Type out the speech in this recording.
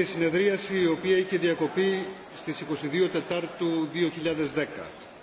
Η συνεδρίαση η οποία είχε διακοπή στις 22 Τετάρτου 2010.